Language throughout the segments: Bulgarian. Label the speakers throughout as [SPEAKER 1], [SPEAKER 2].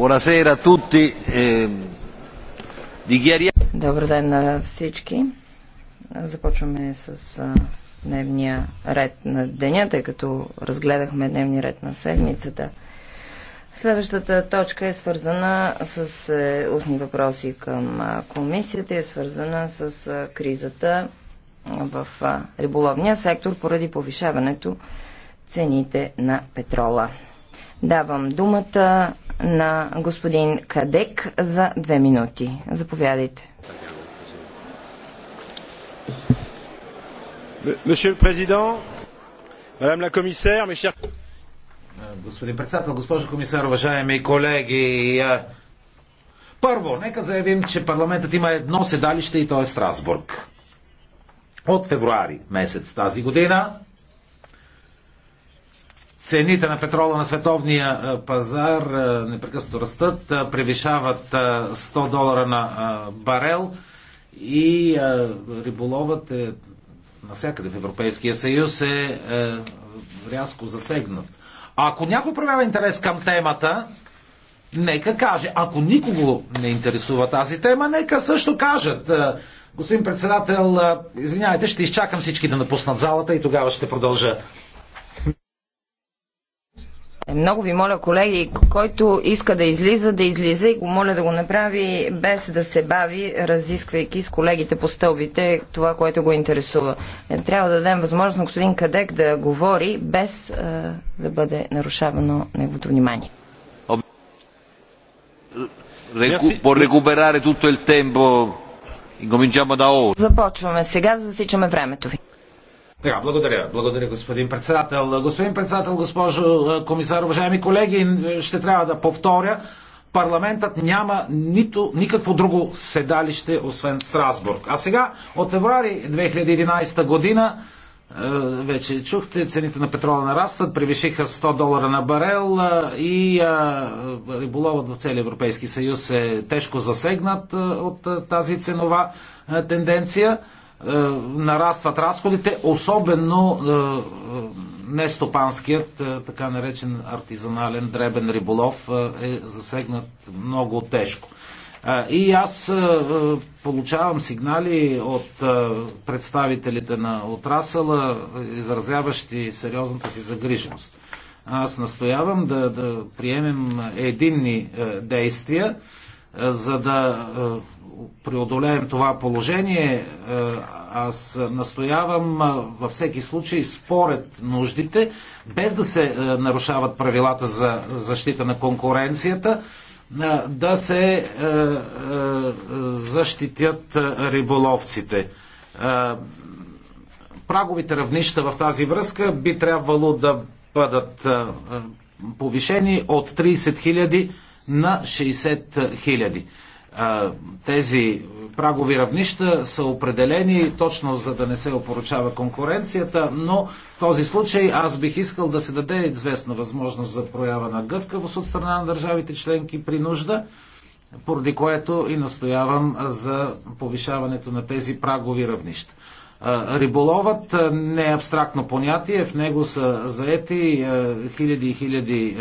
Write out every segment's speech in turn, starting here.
[SPEAKER 1] Buonasera a tutti. Eh,
[SPEAKER 2] Добър ден на всички. Започваме с дневния ред на деня, тъй като разгледахме дневния ред на седмицата. Следващата точка е свързана с е, устни въпроси към комисията и е свързана с кризата в риболовния сектор поради повишаването цените на петрола. Давам думата на господин Кадек за две минути. Заповядайте.
[SPEAKER 1] Monsieur le Président, Madame la Commissaire, mes chers... Господин председател, госпожо комисар, уважаеми колеги, първо, нека заявим, че парламентът има едно седалище и то е Страсбург. От февруари месец тази година Цените на петрола на световния пазар непрекъснато растат, превишават 100 долара на барел и риболовът е навсякъде в Европейския съюз е, е, рязко засегнат. А ако някой проявява интерес към темата, нека каже. Ако никого не интересува тази тема, нека също кажат. Господин председател, извинявайте, ще изчакам всички да напуснат залата и тогава ще продължа.
[SPEAKER 2] Е, много ви моля, колеги, който иска да излиза, да излиза и го моля да го направи без да се бави, разисквайки с колегите по стълбите това, което го интересува. Е, трябва да дадем възможност на господин Кадек да говори без е, да бъде нарушавано неговото внимание.
[SPEAKER 1] Può recuperare tutto il
[SPEAKER 2] Започваме сега, засичаме времето ви.
[SPEAKER 1] Така, благодаря. Благодаря, господин председател. Господин председател, госпожо е, комисар, уважаеми колеги, ще трябва да повторя. Парламентът няма нито, никакво друго седалище, освен Страсбург. А сега, от феврари 2011 година, е, вече чухте, цените на петрола нарастват, превишиха 100 долара на барел е, и риболовът в целия Европейски съюз е тежко засегнат от тази ценова тенденция. Е, нарастват разходите, особено е, е, нестопанският, така наречен артизанален дребен риболов е засегнат много тежко. И аз получавам сигнали от представителите на отрасъла, изразяващи сериозната си загриженост. Аз настоявам да, да приемем единни действия за да е, преодолеем това положение, е, аз настоявам е, във всеки случай според нуждите, без да се нарушават правилата за защита на конкуренцията, да се защитят риболовците. Праговите равнища в тази връзка би трябвало да бъдат повишени от 30 000 на 60 хиляди. Тези прагови равнища са определени точно за да не се опоручава конкуренцията, но в този случай аз бих искал да се даде известна възможност за проява на гъвкавост от страна на държавите членки при нужда, поради което и настоявам за повишаването на тези прагови равнища. Риболовът не е абстрактно понятие, в него са заети хиляди и хиляди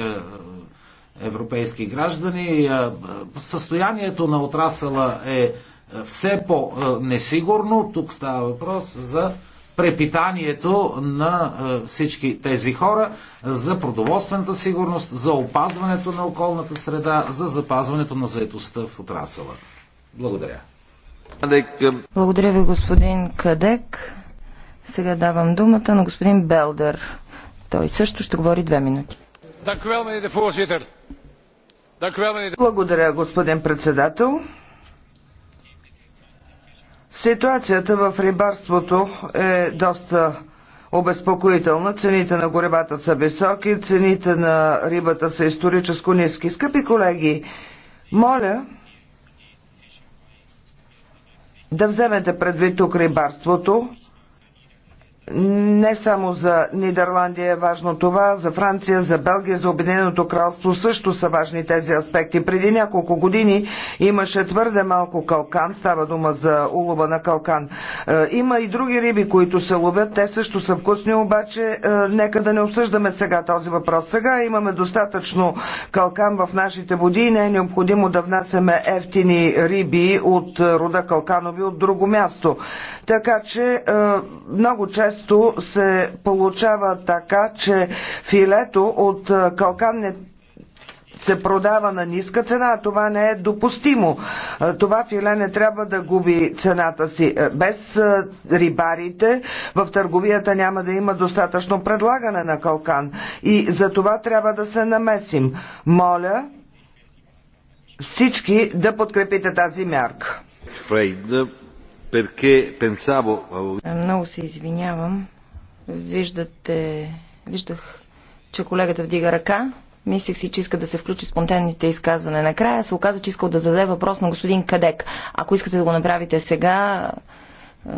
[SPEAKER 1] европейски граждани. Е, е, състоянието на отрасъла е, е все по-несигурно. Тук става въпрос за препитанието на всички тези хора, за продоволствената сигурност, за опазването на околната среда, за запазването на заетостта в отрасъла. Благодаря.
[SPEAKER 3] Благодаря
[SPEAKER 2] ви, господин Кадек. Сега давам думата на господин Белдер. Той също ще говори две минути.
[SPEAKER 3] Благодаря, господин председател. Ситуацията в рибарството е доста обезпокоителна. Цените на горебата са високи, цените на рибата са исторически ниски. Скъпи колеги, моля да вземете предвид тук рибарството не само за Нидерландия е важно това, за Франция, за Белгия, за Обединеното кралство също са важни тези аспекти. Преди няколко години имаше твърде малко калкан, става дума за улова на калкан. Е, има и други риби, които се ловят, те също са вкусни, обаче е, нека да не обсъждаме сега този въпрос. Сега имаме достатъчно калкан в нашите води и не е необходимо да внасяме ефтини риби от рода калканови от друго място. Така че е, много често често се получава така, че филето от калкан не се продава на ниска цена, а това не е допустимо. Това филе не трябва да губи цената си. Без рибарите в търговията няма да има достатъчно предлагане на калкан и за това трябва да се намесим. Моля всички да подкрепите тази мярка. Е, много се извинявам. Виждате...
[SPEAKER 2] Виждах, че колегата вдига ръка. Мислех си, че иска да се включи спонтанните изказване. Накрая се оказа, че искал да зададе въпрос на господин Кадек. Ако искате да го направите сега, е,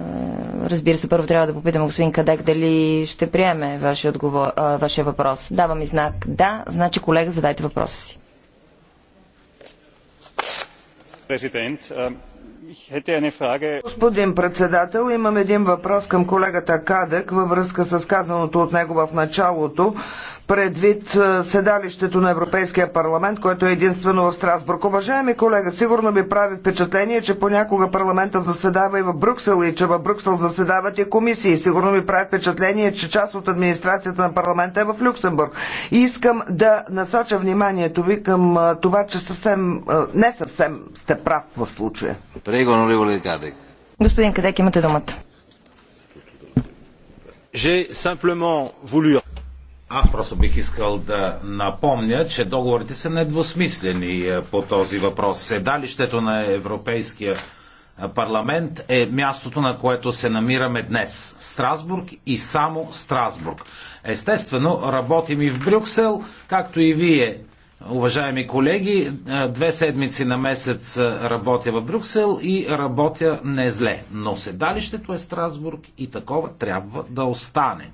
[SPEAKER 2] разбира се, първо трябва да попитам господин Кадек дали ще приеме вашия, отговор, е, вашия въпрос. Давам и знак да, значи колега, задайте въпроса си.
[SPEAKER 1] Президент, Господин
[SPEAKER 3] председател, имам един въпрос към колегата Кадек във връзка с казаното от него в началото предвид седалището на Европейския парламент, което е единствено в Страсбург. Уважаеми колега, сигурно ми прави впечатление, че понякога парламента заседава и в Брюксел и че в Брюксел заседават и комисии. Сигурно ми прави впечатление, че част от администрацията на парламента е в Люксембург. И искам да насоча вниманието ви към това, че съвсем, не съвсем сте прав в случая. Господин Кадек, имате думата.
[SPEAKER 1] J'ai simplement voulu аз просто бих искал да напомня, че договорите са недвусмислени е, по този въпрос. Седалището на Европейския е, парламент е мястото, на което се намираме днес. Страсбург и само Страсбург. Естествено, работим и в Брюксел, както и вие, уважаеми колеги. Е, две седмици на месец работя в Брюксел и работя не зле. Но седалището е Страсбург и такова трябва да остане.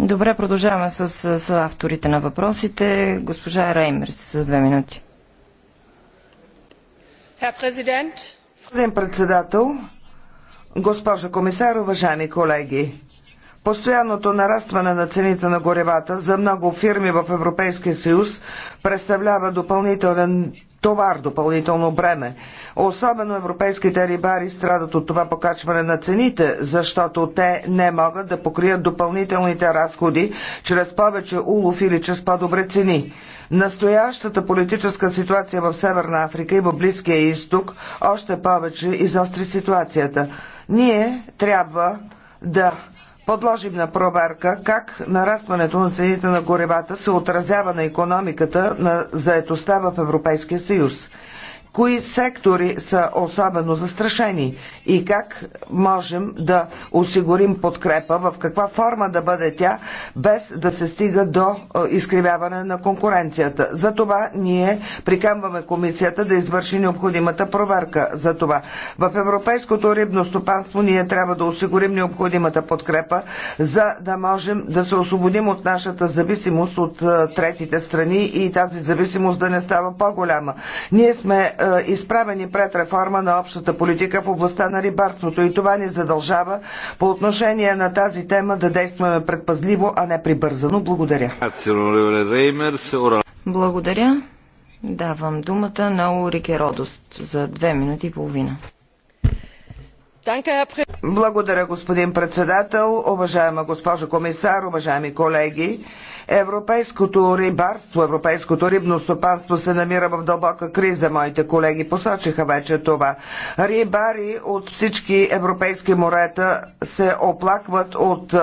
[SPEAKER 2] Добре, продължаваме с, с авторите на въпросите. Госпожа Реймерс с две минути.
[SPEAKER 3] Господин председател, госпожа комисар, уважаеми колеги. Постоянното нарастване на цените на горевата за много фирми в Европейския съюз представлява допълнителен товар, допълнително бреме. Особено европейските рибари страдат от това покачване на цените, защото те не могат да покрият допълнителните разходи чрез повече улов или чрез по-добре цени. Настоящата политическа ситуация в Северна Африка и в Близкия изток още повече изостри ситуацията. Ние трябва да подложим на проверка как нарастването на цените на горивата се отразява на економиката на заетостта в Европейския съюз кои сектори са особено застрашени и как можем да осигурим подкрепа, в каква форма да бъде тя, без да се стига до е, изкривяване на конкуренцията. За това ние прикамваме комисията да извърши необходимата проверка за това. В европейското рибно стопанство ние трябва да осигурим необходимата подкрепа, за да можем да се освободим от нашата зависимост от е, третите страни и тази зависимост да не става по-голяма. Ние сме е, е, изправени пред реформа на общата политика в областта на рибарството и това ни задължава по отношение на тази тема да действаме предпазливо, а не прибързано. Благодаря. Благодаря. Давам думата на Урике Родост за две минути и половина. Благодаря, господин председател, уважаема госпожа комисар, уважаеми колеги. Европейското рибарство, европейското рибно стопанство се намира в дълбока криза. Моите колеги посочиха вече това. Рибари от всички европейски морета се оплакват от е,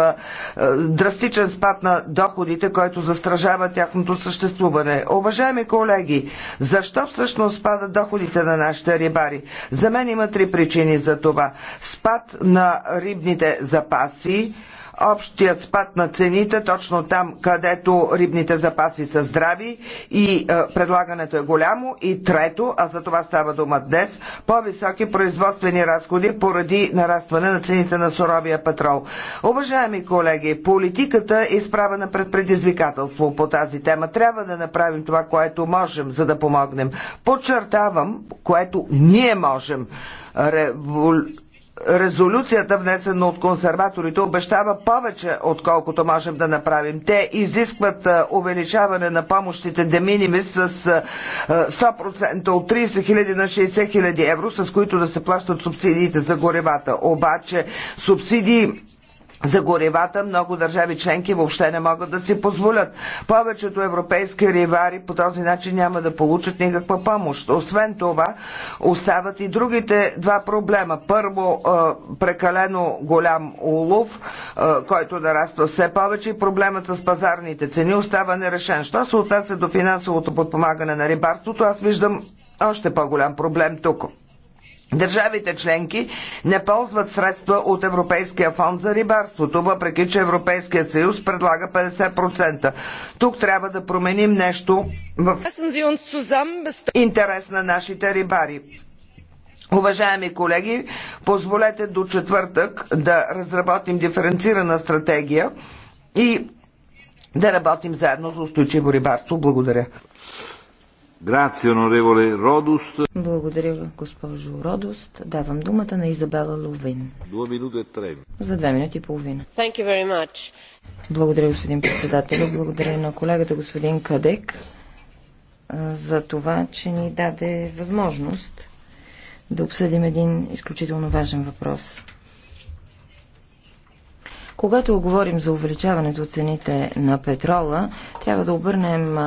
[SPEAKER 3] драстичен спад на доходите, който застражава тяхното съществуване. Уважаеми колеги, защо всъщност спадат доходите на нашите рибари? За мен има три причини за това. Спад на рибните запаси, общият спад на цените точно там, където рибните запаси са здрави и е, предлагането е голямо. И трето, а за това става дума днес, по-високи производствени разходи поради нарастване на цените на суровия петрол. Уважаеми колеги, политиката е изправена пред предизвикателство по тази тема. Трябва да направим това, което можем, за да помогнем. Подчертавам, което ние можем. Револю резолюцията, внесена от консерваторите, обещава повече, отколкото можем да направим. Те изискват увеличаване на помощите де минимис с 100% от 30 000 на 60 000 евро, с които да се плащат субсидиите за горевата. Обаче субсидии за горивата много държави членки въобще не могат да си позволят. Повечето европейски ривари по този начин няма да получат никаква помощ. Освен това, остават и другите два проблема. Първо, е, прекалено голям улов, е, който нараства все повече и проблемът с пазарните цени остава нерешен. Що се отнася до финансовото подпомагане на рибарството, аз виждам още по-голям проблем тук. Държавите членки не ползват средства от Европейския фонд за рибарството, въпреки че Европейския съюз предлага 50%. Тук трябва да променим нещо в интерес на нашите рибари. Уважаеми колеги, позволете до четвъртък да разработим диференцирана стратегия и да работим заедно за устойчиво рибарство. Благодаря.
[SPEAKER 1] Благодаря,
[SPEAKER 2] госпожо Родост. Давам думата на Изабела Ловин. За две минути и половина. Благодаря, господин председател. Благодаря на колегата господин Кадек за това, че ни даде възможност да обсъдим един изключително важен въпрос. Когато говорим за увеличаването цените на петрола, трябва да обърнем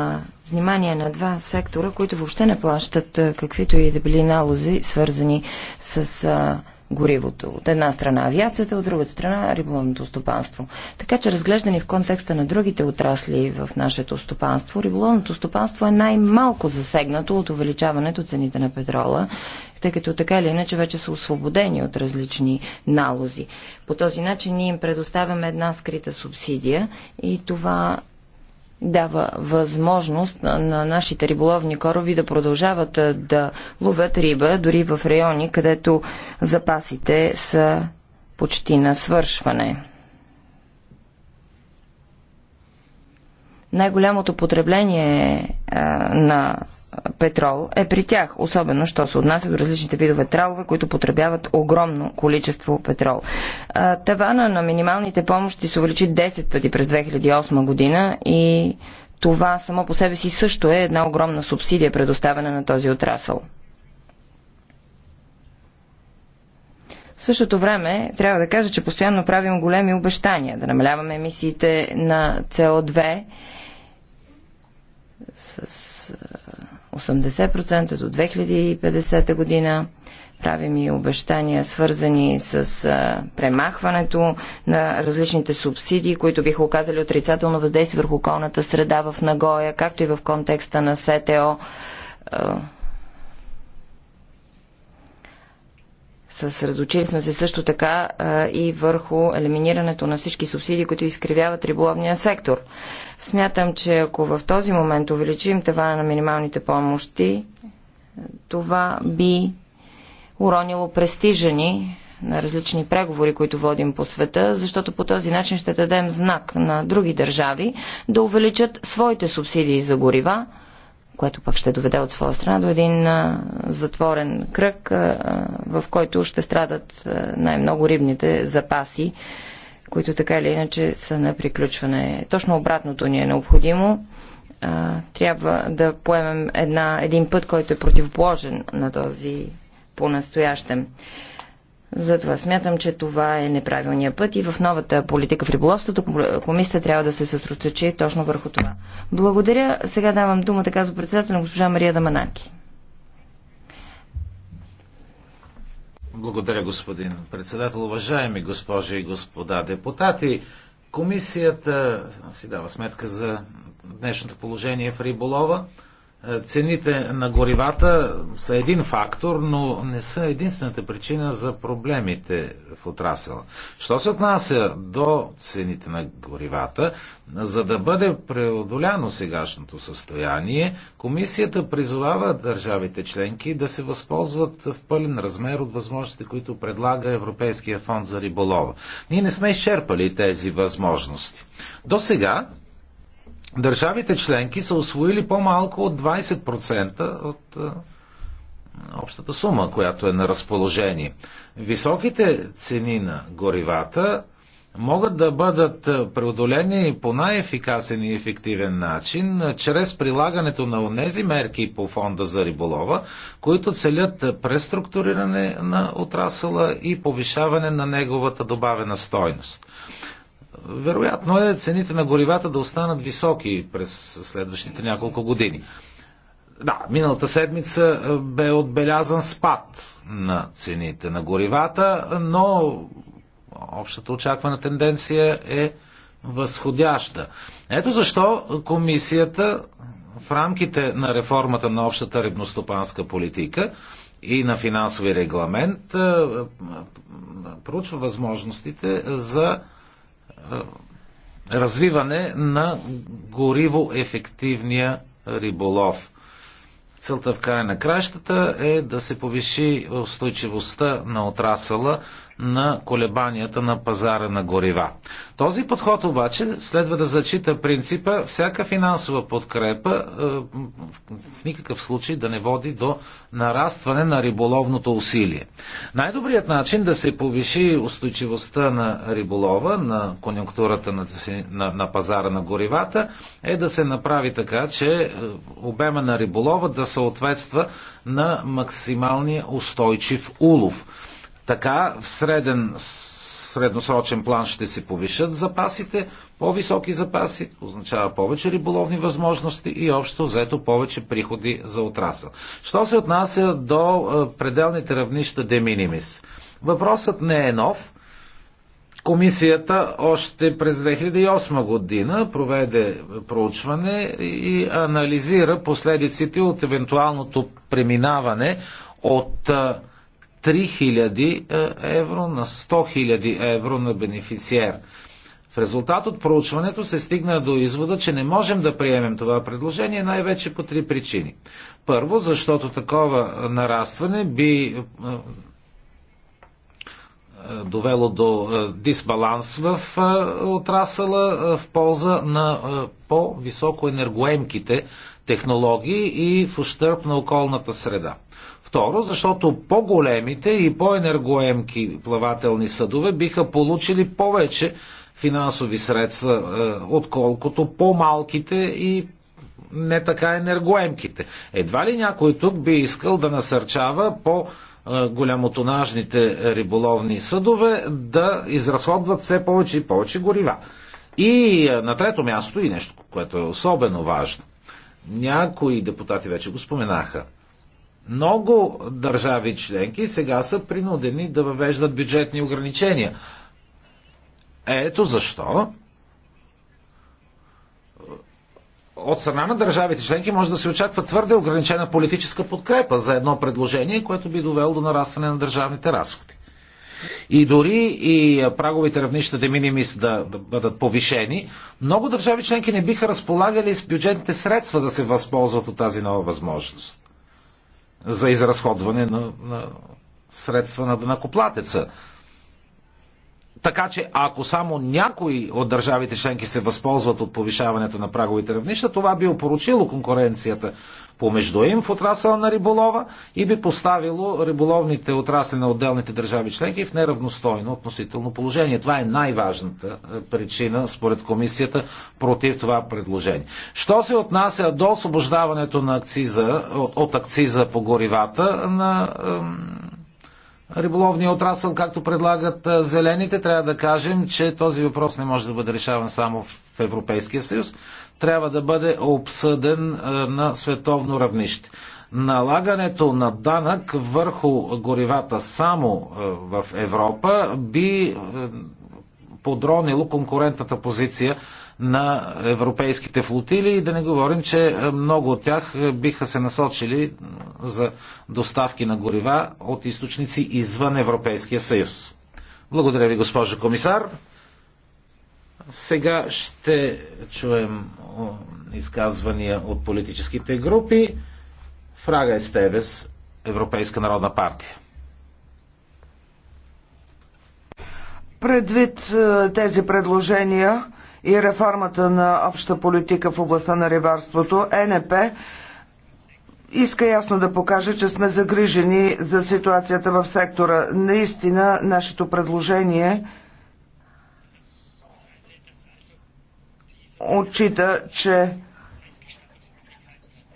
[SPEAKER 2] внимание на два сектора, които въобще не плащат каквито и да били налози, свързани с а, горивото. От една страна авиацията, от другата страна риболовното стопанство. Така че разглеждани в контекста на другите отрасли в нашето стопанство, риболовното стопанство е най-малко засегнато от увеличаването цените на петрола, тъй като така или иначе вече са освободени от различни налози. По този начин ние им предоставяме една скрита субсидия и това дава възможност на нашите риболовни кораби да продължават да ловят риба, дори в райони, където запасите са почти на свършване. Най-голямото потребление на петрол е при тях, особено що се отнася до различните видове тралове, които потребяват огромно количество петрол. Тавана на минималните помощи се увеличи 10 пъти през 2008 година и това само по себе си също е една огромна субсидия, предоставена на този отрасъл. В същото време трябва да кажа, че постоянно правим големи обещания да намаляваме емисиите на CO2 с 80% до 2050 година. Правим и обещания, свързани с а, премахването на различните субсидии, които биха оказали отрицателно въздействие върху околната среда в Нагоя, както и в контекста на СТО. А, Съсредоточили сме се също така а, и върху елиминирането на всички субсидии, които изкривяват риболовния сектор. Смятам, че ако в този момент увеличим тавана на минималните помощи, това би уронило престижа ни на различни преговори, които водим по света, защото по този начин ще дадем знак на други държави да увеличат своите субсидии за горива, което пък ще доведе от своя страна до един затворен кръг, в който ще страдат най-много рибните запаси, които така или иначе са на приключване. Точно обратното ни е необходимо. Трябва да поемем една, един път, който е противоположен на този по-настоящем. Затова смятам, че това е неправилният път и в новата политика в риболовството комисията трябва да се съсредоточи точно върху това. Благодаря. Сега давам думата, казва председател на госпожа Мария Даманаки.
[SPEAKER 1] Благодаря, господин председател. Уважаеми госпожи и господа депутати, комисията си дава сметка за днешното положение в риболова. Е, цените на горивата са един фактор, но не са единствената причина за проблемите в отрасъла. Що се отнася до цените на горивата, за да бъде преодоляно сегашното състояние, комисията призовава държавите членки да се възползват в пълен размер от възможностите, които предлага Европейския фонд за риболова. Ние не сме изчерпали тези възможности. До сега държавите членки са освоили по-малко от 20% от общата сума, която е на разположение. Високите цени на горивата могат да бъдат преодолени по най-ефикасен и ефективен начин чрез прилагането на тези мерки по фонда за риболова, които целят преструктуриране на отрасъла и повишаване на неговата добавена стойност вероятно е цените на горивата да останат високи през следващите няколко години. Да, миналата седмица е, бе отбелязан спад на цените на горивата, но общата очаквана тенденция е възходяща. Ето защо комисията в рамките на реформата на общата рибностопанска политика и на финансови регламент е, е, проучва възможностите за е, развиване на гориво ефективния риболов. Целта в края на кращата е да се повиши устойчивостта на отрасъла на колебанията на пазара на горива. Този подход обаче следва да зачита принципа всяка финансова подкрепа е, в никакъв случай да не води до нарастване на риболовното усилие. Най-добрият начин да се повиши устойчивостта на риболова, на конъюнктурата на, на, на пазара на горивата, е да се направи така, че е, обема на риболова да съответства на максималния устойчив улов. Така в среден, средносрочен план ще се повишат запасите, по-високи запаси означава повече риболовни възможности и общо взето повече приходи за отрасъл. Що се отнася до е, пределните равнища де минимис? Въпросът не е нов. Комисията още през 2008 година проведе проучване и анализира последиците от евентуалното преминаване от е, 3000 е, евро на 100 000 евро на бенефициер. В резултат от проучването се стигна до извода, че не можем да приемем това предложение най-вече по три причини. Първо, защото такова нарастване би е, е, довело до дисбаланс в отрасъла в полза на по-високо енергоемките технологии и в ущърп на околната среда. Второ, защото по-големите и по-енергоемки плавателни съдове биха получили повече финансови средства, е, отколкото по-малките и не така енергоемките. Едва ли някой тук би искал да насърчава по е, голямотонажните риболовни съдове да изразходват все повече и повече горива. И е, на трето място, и нещо, което е особено важно, някои депутати вече го споменаха, много държави членки сега са принудени да въвеждат бюджетни ограничения. Ето защо от страна на държавите членки може да се очаква твърде ограничена политическа подкрепа за едно предложение, което би довело до нарастване на държавните разходи. И дори и праговите равнища де минимис да, да бъдат повишени, много държави членки не биха разполагали с бюджетните средства да се възползват от тази нова възможност за изразходване на, на средства на данакоплатеца. Така че ако само някои от държавите членки се възползват от повишаването на праговите равнища, това би опоручило конкуренцията помежду им в отрасъла на риболова и би поставило риболовните отрасли на отделните държави членки в неравностойно относително положение. Това е най-важната е, причина, според комисията, против това предложение. Що се отнася до освобождаването на акциза, от акциза по горивата на риболовния отрасъл, както предлагат зелените, трябва да кажем, че този въпрос не може да бъде решаван само в Европейския съюз. Трябва да бъде обсъден на световно равнище. Налагането на данък върху горивата само в Европа би подронило конкурентната позиция на европейските флотили и да не говорим, че е, много от тях е, биха се насочили за доставки на горива от източници извън Европейския съюз. Благодаря ви, госпожо комисар. Сега ще чуем изказвания от политическите групи. Фрага Естевес, Европейска народна партия.
[SPEAKER 3] Предвид е, тези предложения, и реформата на обща политика в областта на рибарството, е НП иска ясно да покаже, че сме загрижени за ситуацията в сектора. Наистина, нашето предложение отчита, че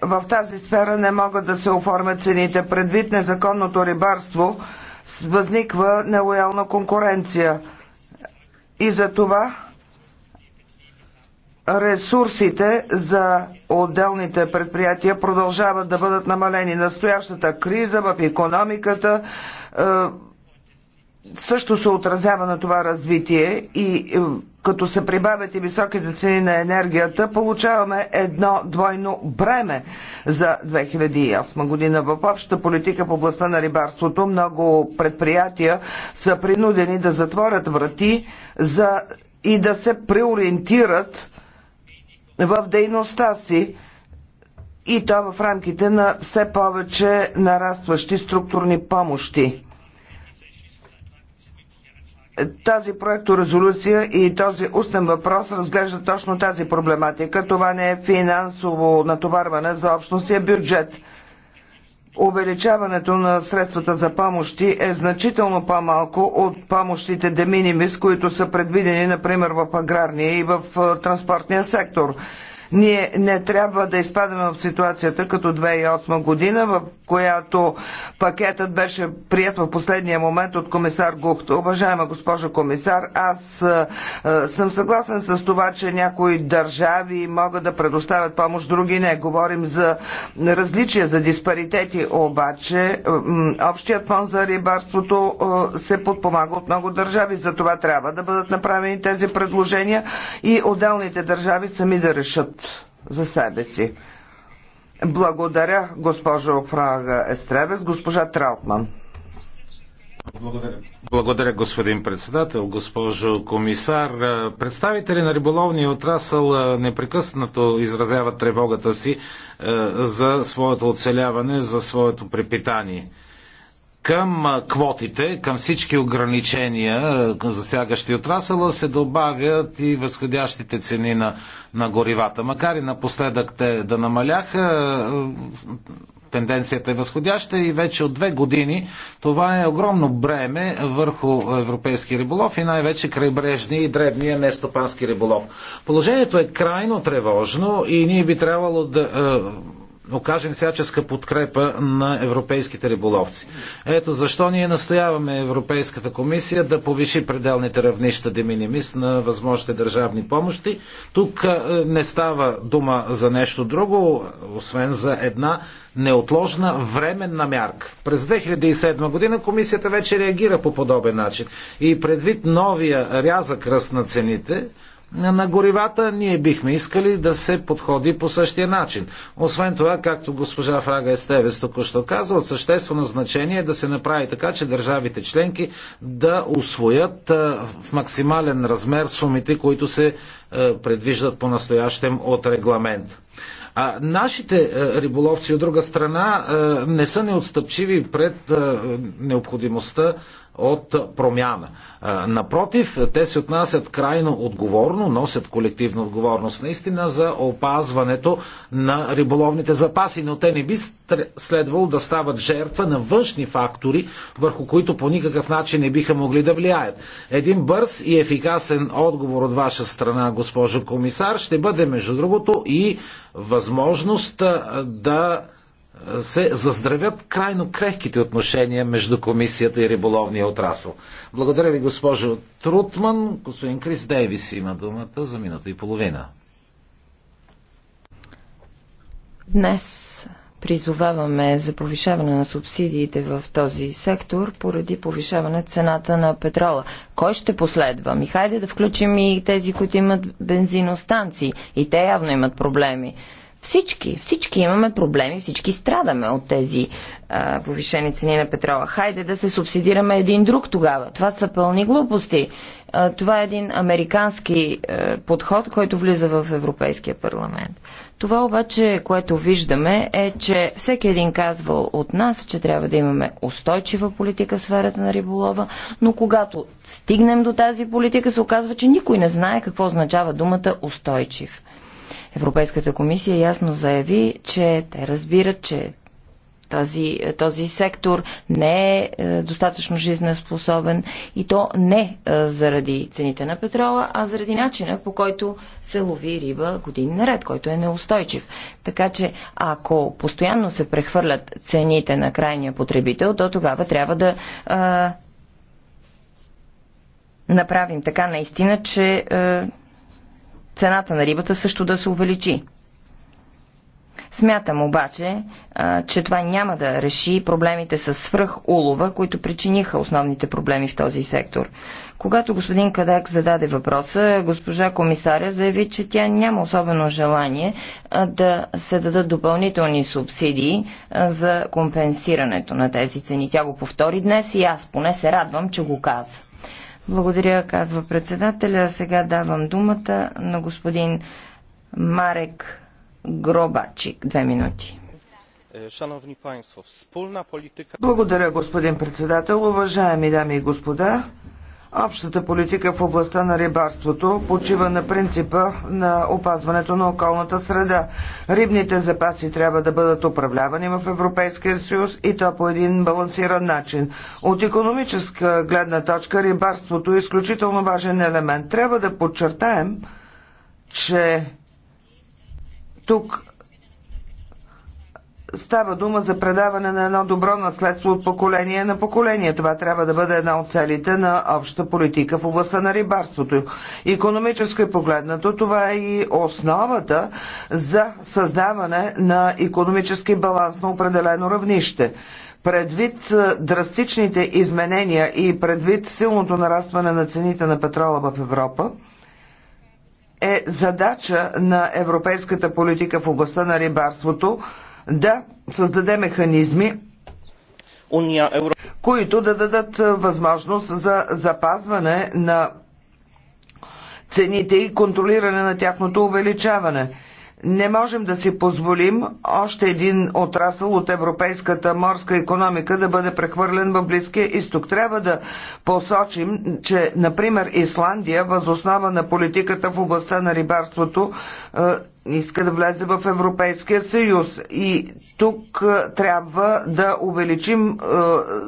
[SPEAKER 3] в тази сфера не могат да се оформят цените. Предвид незаконното рибарство възниква нелоялна конкуренция. И за това ресурсите за отделните предприятия продължават да бъдат намалени. Настоящата криза в економиката е, също се отразява на това развитие и е, като се прибавят и високите цени на енергията, получаваме едно двойно бреме за 2008 година. В общата политика в областта на рибарството много предприятия са принудени да затворят врати за и да се преориентират в дейността си и то в рамките на все повече нарастващи структурни помощи. Тази проекторезолюция и този устен въпрос разглежда точно тази проблематика. Това не е финансово натоварване за общностия бюджет – увеличаването на средствата за помощи е значително по-малко от помощите де минимис, които са предвидени, например, в аграрния и в транспортния сектор. Ние не трябва да изпадаме в ситуацията като 2008 година, в която пакетът беше прият в последния момент от комисар Гухт. Уважаема госпожа комисар, аз е, е, съм съгласен с това, че някои държави могат да предоставят помощ, други не. Говорим за различия, за диспаритети, обаче общият фонд за рибарството е, се подпомага от много държави, за това трябва да бъдат направени тези предложения и отделните държави сами да решат за себе си. Благодаря, госпожо Фрага Естребес, госпожа Траутман.
[SPEAKER 1] Благодаря. Благодаря, господин председател, госпожо комисар. Представители на риболовния отрасъл непрекъснато изразяват тревогата си за своето оцеляване, за своето препитание. Към квотите, към всички ограничения, засягащи отрасъла, се добавят и възходящите цени на, на горивата. Макар и напоследък те да намаляха, тенденцията е възходяща и вече от две години това е огромно бреме върху европейски риболов и най-вече крайбрежни и древния нестопански риболов. Положението е крайно тревожно и ние би трябвало да окажем всяческа подкрепа на европейските риболовци. Ето защо ние настояваме Европейската комисия да повиши пределните равнища деминимис на възможните държавни помощи. Тук е, не става дума за нещо друго, освен за една неотложна временна мярка. През 2007 година комисията вече реагира по подобен начин и предвид новия рязък ръст на цените, на горивата, ние бихме искали да се подходи по същия начин. Освен това, както госпожа Фрага Естевес току-що каза, от съществено значение е да се направи така, че държавите членки да освоят в максимален размер сумите, които се предвиждат по настоящем от регламент. А нашите риболовци, от друга страна, не са неотстъпчиви пред необходимостта от промяна. Напротив, те се отнасят крайно отговорно, носят колективна отговорност наистина за опазването на риболовните запаси, но те не би следвало да стават жертва на външни фактори, върху които по никакъв начин не биха могли да влияят. Един бърз и ефикасен отговор от ваша страна, госпожо комисар, ще бъде, между другото, и възможност да се заздравят крайно крехките отношения между комисията и риболовния отрасъл. Благодаря ви, госпожо Трутман. Господин Крис Дейвис има думата за минута и половина.
[SPEAKER 2] Днес призоваваме за повишаване на субсидиите в този сектор поради повишаване цената на петрола. Кой ще последва? Ми хайде да включим и тези, които имат бензиностанции. И те явно имат проблеми. Всички, всички имаме проблеми, всички страдаме от тези а, повишени цени на петрола. Хайде да се субсидираме един друг тогава. Това са пълни глупости. А, това е един американски а, е, подход, който влиза в Европейския парламент. Това обаче, което виждаме, е, че всеки един казва от нас, че трябва да имаме устойчива политика в сферата на риболова, но когато стигнем до тази политика, се оказва, че никой не знае какво означава думата устойчив. Европейската комисия ясно заяви, че те разбират, че тази, този сектор не е, е достатъчно жизнеспособен и то не е, заради цените на петрола, а заради начина по който се лови риба години наред, който е неустойчив. Така че ако постоянно се прехвърлят цените на крайния потребител, то тогава трябва да а, е, направим така наистина, че а, цената на рибата също да се увеличи. Смятам обаче, че това няма да реши проблемите с свръхулова, които причиниха основните проблеми в този сектор. Когато господин Кадак зададе въпроса, госпожа комисаря заяви, че тя няма особено желание да се дадат допълнителни субсидии за компенсирането на тези цени. Тя го повтори днес и аз поне се радвам, че го каза. Благодаря, казва председателя. Сега давам думата на господин Марек Гробачик. Две
[SPEAKER 3] минути. Благодаря, господин председател. Уважаеми дами и господа, Общата политика в областта на рибарството почива на принципа на опазването на околната среда. Рибните запаси трябва да бъдат управлявани в Европейския съюз и то по един балансиран начин. От економическа гледна точка рибарството е изключително важен елемент. Трябва да подчертаем, че тук Става дума за предаване на едно добро наследство от поколение на поколение. Това трябва да бъде една от целите на обща политика в областта на рибарството. Економическо и е погледнато, това е и основата за създаване на економически баланс на определено равнище предвид е, драстичните изменения и предвид силното нарастване на цените на петрола в Европа, е задача на европейската политика в областта на рибарството да създаде механизми, които да дадат възможност за запазване на цените и контролиране на тяхното увеличаване. Не можем да си позволим още един отрасъл от европейската морска економика да бъде прехвърлен в Близкия изток. Трябва да посочим, че, например, Исландия, възоснова на политиката в областта на рибарството, иска да влезе в Европейския съюз. И тук е, трябва да увеличим е,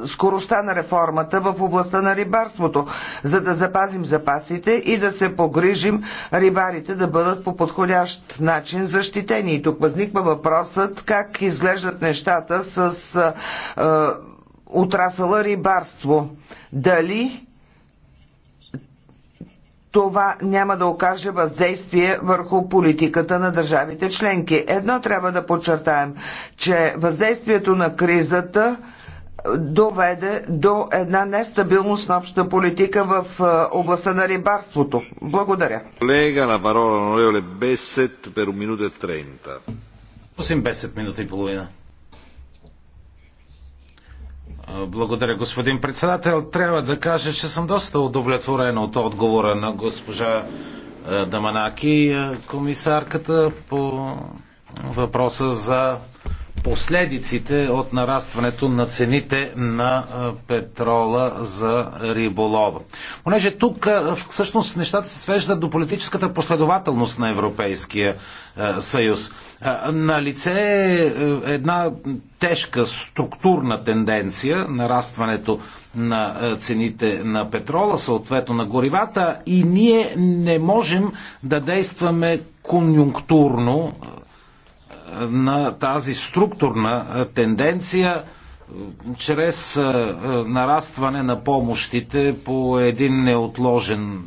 [SPEAKER 3] скоростта на реформата в областта на рибарството, за да запазим запасите и да се погрижим рибарите да бъдат по подходящ начин защитени. И тук възниква въпросът как изглеждат нещата с е, отрасъла рибарство. Дали това няма да окаже въздействие върху политиката на държавите членки. Едно трябва да подчертаем, че въздействието на кризата е, доведе до една нестабилност на обща политика в е, областта на рибарството. Благодаря.
[SPEAKER 1] Колега, на парола на Бесет, пер минута 30. 8 10 минути и половина. Благодаря, господин председател. Трябва да кажа, че съм доста удовлетворен от отговора на госпожа е, Даманаки, е, комисарката по въпроса за последиците от нарастването на цените на петрола за риболова. Понеже тук всъщност нещата се свеждат до политическата последователност на Европейския съюз. На лице е, е една тежка структурна тенденция нарастването на цените на петрола, съответно на горивата и ние не можем да действаме конюнктурно на тази структурна тенденция чрез нарастване на помощите по един неотложен,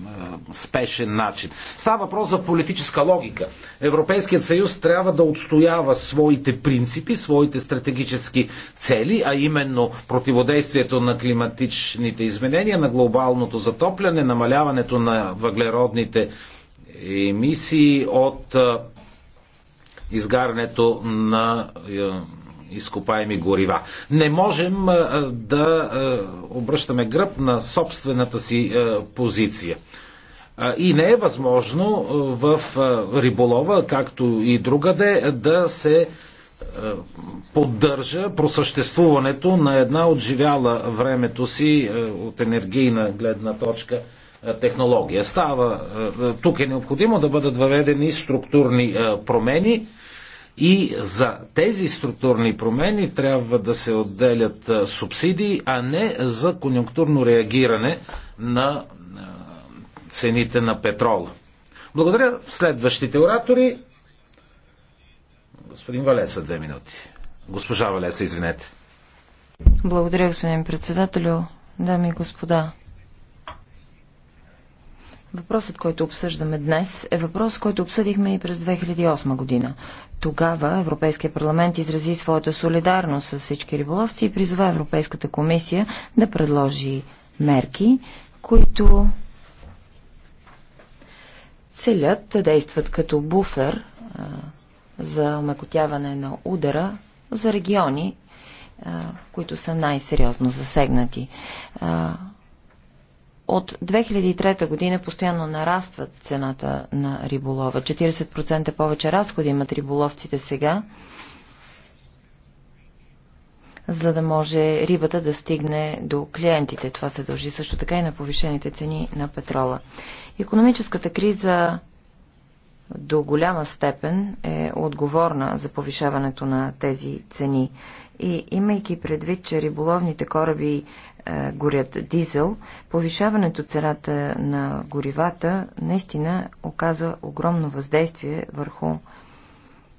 [SPEAKER 1] спешен начин. Става въпрос за политическа логика. Европейският съюз трябва да отстоява своите принципи, своите стратегически цели, а именно противодействието на климатичните изменения, на глобалното затопляне, намаляването на въглеродните емисии от изгарянето на е, изкопаеми горива. Не можем е, да е, обръщаме гръб на собствената си позиция. И не е възможно в риболова, както и другаде, да се поддържа просъществуването на една отживяла времето си от енергийна гледна точка е, технология. Става, е, тук е необходимо да бъдат въведени структурни е, промени и за тези структурни промени трябва да се отделят субсидии, а не за конъюнктурно реагиране на цените на петрола. Благодаря. Следващите оратори. Господин Валеса, две минути. Госпожа Валеса, извинете.
[SPEAKER 2] Благодаря, господин председателю. Дами и господа, Въпросът, който обсъждаме днес, е въпрос, който обсъдихме и през 2008 година. Тогава Европейския парламент изрази своята солидарност с всички риболовци и призова Европейската комисия да предложи мерки, които целят да действат като буфер за омекотяване на удара за региони, които са най-сериозно засегнати. От 2003 година постоянно нарастват цената на риболова. 40% повече разходи имат риболовците сега, за да може рибата да стигне до клиентите. Това се дължи също така и на повишените цени на петрола. Економическата криза до голяма степен е отговорна за повишаването на тези цени. И имайки предвид, че риболовните кораби е, горят дизел, повишаването цената на горивата наистина оказа огромно въздействие върху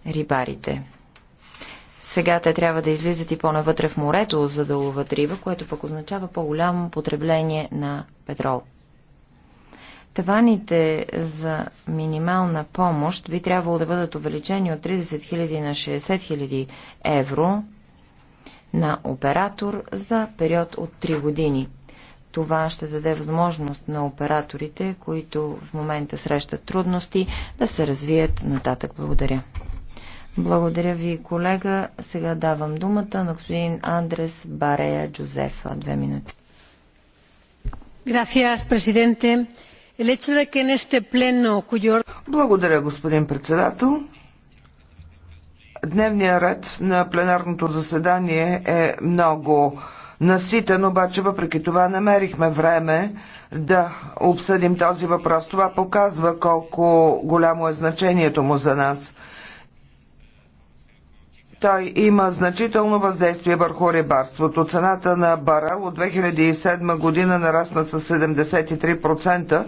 [SPEAKER 2] рибарите. Сега те трябва да излизат и по-навътре в морето, за да ловат риба, което пък означава по-голямо потребление на петрол. Таваните за минимална помощ би трябвало да бъдат увеличени от 30 000 на 60 000 евро на оператор за период от 3 години. Това ще даде възможност на операторите, които в момента срещат трудности, да се развият нататък. Благодаря. Благодаря ви, колега. Сега давам думата на господин Андрес Барея Джозефа. Две минути.
[SPEAKER 4] Gracias, presidente. El hecho de que en este pleno,
[SPEAKER 3] cuyo... Благодаря, господин председател. Дневният ред на пленарното заседание е много наситен, обаче въпреки това намерихме време да обсъдим този въпрос. Това показва колко голямо е значението му за нас той има значително въздействие върху рибарството. Цената на барел от 2007 година нарасна с 73%,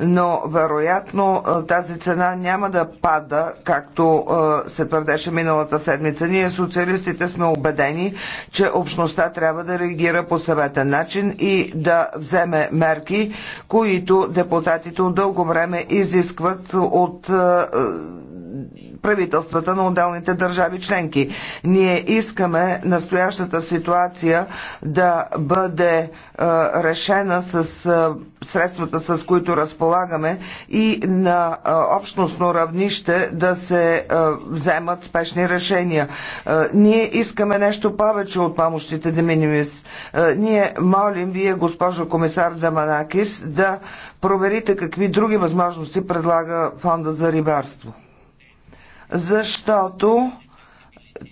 [SPEAKER 3] но вероятно тази цена няма да пада, както се твърдеше миналата седмица. Ние социалистите сме убедени, че общността трябва да реагира по съветен начин и да вземе мерки, които депутатите от дълго време изискват от правителствата на отделните държави членки. Ние искаме настоящата ситуация да бъде е, решена с е, средствата, с които разполагаме и на е, общностно равнище да се вземат спешни решения. Ние искаме нещо повече от помощите де минимис. Ние молим вие, госпожо комисар Даманакис, да проверите какви други възможности предлага фонда за рибарство защото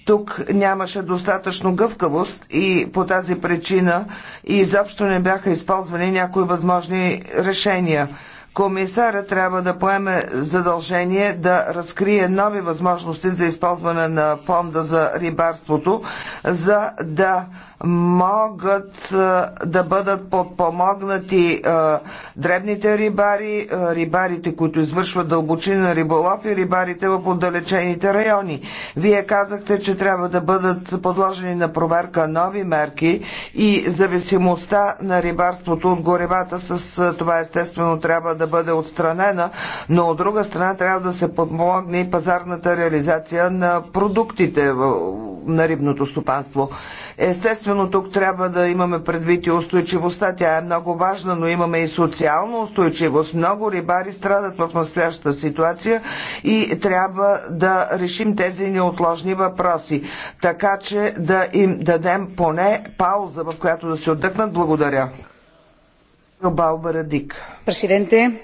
[SPEAKER 3] тук нямаше достатъчно гъвкавост и по тази причина и изобщо не бяха използвани някои възможни решения. Комисара трябва да поеме задължение да разкрие нови възможности за използване на фонда за рибарството, за да могат да бъдат подпомогнати дребните рибари, рибарите, които извършват дълбочина риболов и рибарите в отдалечените райони. Вие казахте, че трябва да бъдат подложени на проверка нови мерки и зависимостта на рибарството от горевата с това естествено трябва да бъде отстранена, но от друга страна трябва да се подпомогне и пазарната реализация на продуктите на рибното стопанство. Естествено, тук трябва да имаме предвид и устойчивостта. Тя е много важна, но имаме и социална устойчивост. Много рибари страдат в настоящата ситуация и трябва да решим тези неотложни въпроси. Така че да им дадем поне пауза, в която да се отдъхнат. Благодаря.
[SPEAKER 4] Президенте,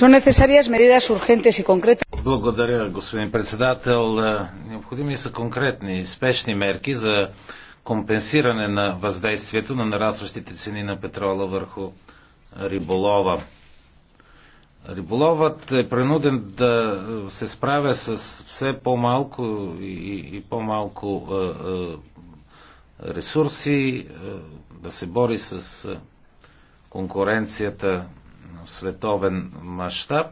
[SPEAKER 4] Son necesarias medidas urgentes y concretas.
[SPEAKER 1] Благодаря, господин председател. Необходими са конкретни, и спешни мерки за компенсиране на въздействието на нарастващите цени на петрола върху риболова. Риболовът е принуден да се справя с все по-малко и, и по-малко е, е, ресурси, е, да се бори с е, конкуренцията в световен мащаб.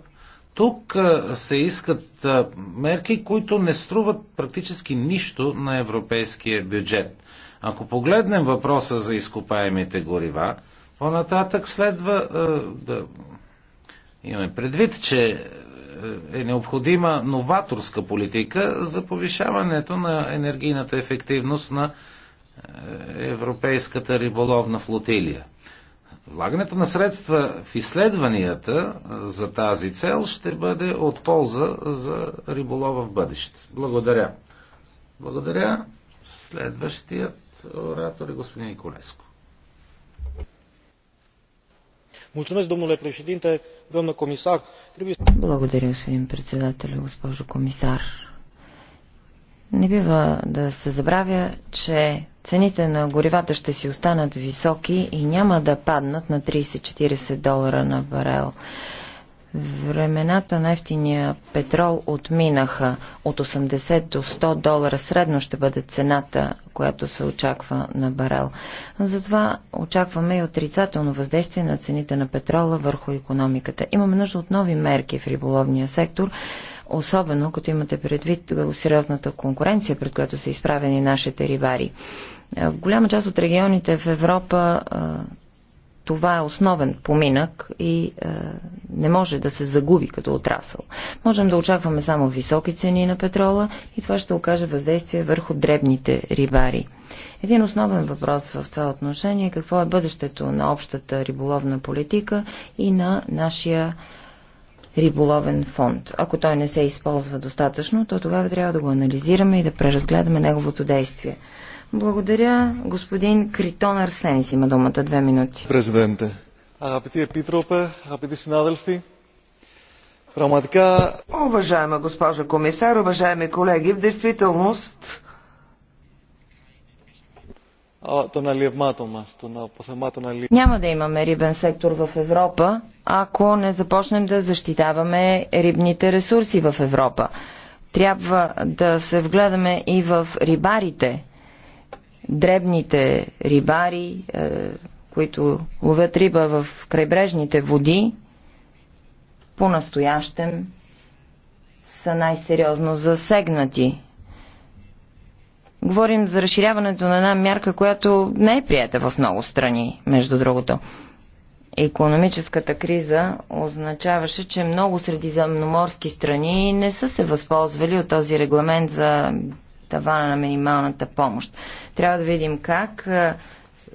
[SPEAKER 1] Тук е, се искат е, мерки, които не струват практически нищо на европейския бюджет. Ако погледнем въпроса за изкопаемите горива, по-нататък следва е, да имаме предвид, че е, е необходима новаторска политика за повишаването на енергийната ефективност на е, европейската риболовна флотилия. Влагането на средства в изследванията за тази цел ще бъде от полза за риболова в бъдеще. Благодаря. Благодаря. Следващият оратор е господин Николеско.
[SPEAKER 2] Благодаря, господин председател, госпожо комисар. Не бива да се забравя, че цените на горивата ще си останат високи и няма да паднат на 30-40 долара на барел. Времената на ефтиния петрол отминаха. От 80 до 100 долара средно ще бъде цената, която се очаква на барел. Затова очакваме и отрицателно въздействие на цените на петрола върху економиката. Имаме нужда от нови мерки в риболовния сектор, особено като имате предвид сериозната конкуренция, пред която са изправени нашите рибари. В голяма част от регионите в Европа това е основен поминък и е, не може да се загуби като отрасъл. Можем да очакваме само високи цени на петрола и това ще окаже въздействие върху дребните рибари. Един основен въпрос в това отношение е какво е бъдещето на общата риболовна политика и на нашия риболовен фонд. Ако той не се използва достатъчно, то тогава трябва да го анализираме и да преразгледаме неговото действие. Благодаря. Господин Критон Арсенис има думата. Две минути. Президенте,
[SPEAKER 3] агапити епитропе, агапити синадълфи, Проматика... Уважаема госпожа комисар, уважаеми колеги, в действителност
[SPEAKER 1] няма
[SPEAKER 2] да имаме рибен сектор в Европа, ако не започнем да защитаваме рибните ресурси в Европа. Трябва да се вгледаме и в рибарите, дребните рибари, е, които ловят риба в крайбрежните води, по-настоящем са най-сериозно засегнати. Говорим за разширяването на една мярка, която не е прията в много страни, между другото. Економическата криза означаваше, че много средиземноморски страни не са се възползвали от този регламент за тавана на минималната помощ. Трябва да видим как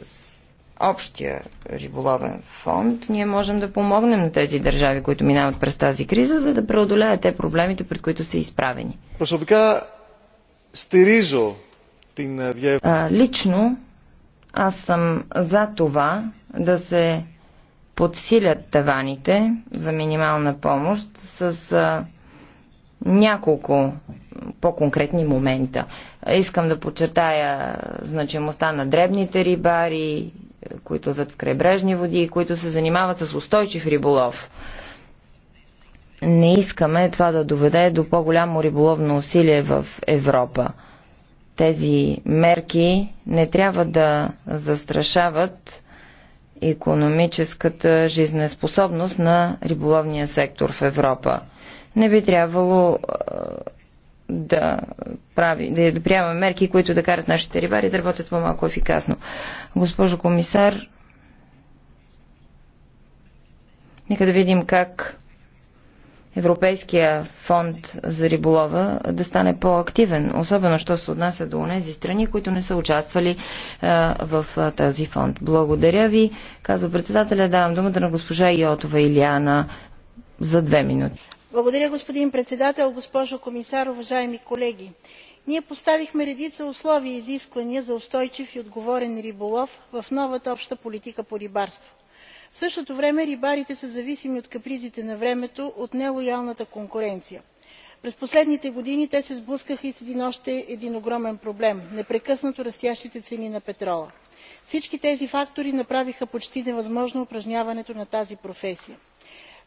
[SPEAKER 2] с общия риболовен фонд, ние можем да помогнем на тези държави, които минават през тази криза, за да преодолеят те проблемите, пред които са изправени. Лично аз съм за това да се подсилят таваните за минимална помощ с а, няколко по-конкретни момента. Искам да подчертая значимостта на дребните рибари, които идват в крайбрежни води и които се занимават с устойчив риболов. Не искаме това да доведе до по-голямо риболовно усилие в Европа. Тези мерки не трябва да застрашават економическата жизнеспособност на риболовния сектор в Европа. Не би трябвало да, прави, да, да приемаме мерки, които да карат нашите рибари да работят по-малко ефикасно. Госпожо комисар, нека да видим как Европейския фонд за риболова да стане по-активен, особено що се отнася до тези страни, които не са участвали а, в а, този фонд. Благодаря ви, казва председателя. Давам думата на госпожа Йотова Илиана за две минути.
[SPEAKER 4] Благодаря, господин председател, госпожо комисар, уважаеми колеги. Ние поставихме редица условия и изисквания за устойчив и отговорен риболов в новата обща политика по рибарство. В същото време рибарите са зависими от капризите на времето, от нелоялната конкуренция. През последните години те се сблъскаха и с един още един огромен проблем – непрекъснато растящите цени на петрола. Всички тези фактори направиха почти невъзможно упражняването на тази професия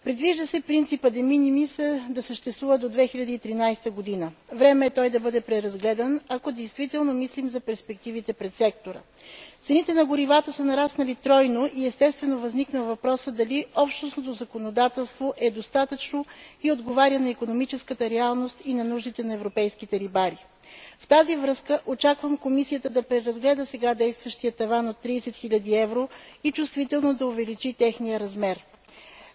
[SPEAKER 4] предвижда се принципът de minimis да съществува до 2013 г. Време е той да бъде преразгледан, ако действително мислим за перспективите пред сектора. Цените на горивата са нараснали тройно и естествено възникна въпросът дали общностното законодателство е достатъчно и отговаря на икономическата реалност и на нуждите на европейските рибари. В тази връзка очаквам комисията да преразгледа сега действащия таван от 30 000 евро и чувствително да увеличи техния размер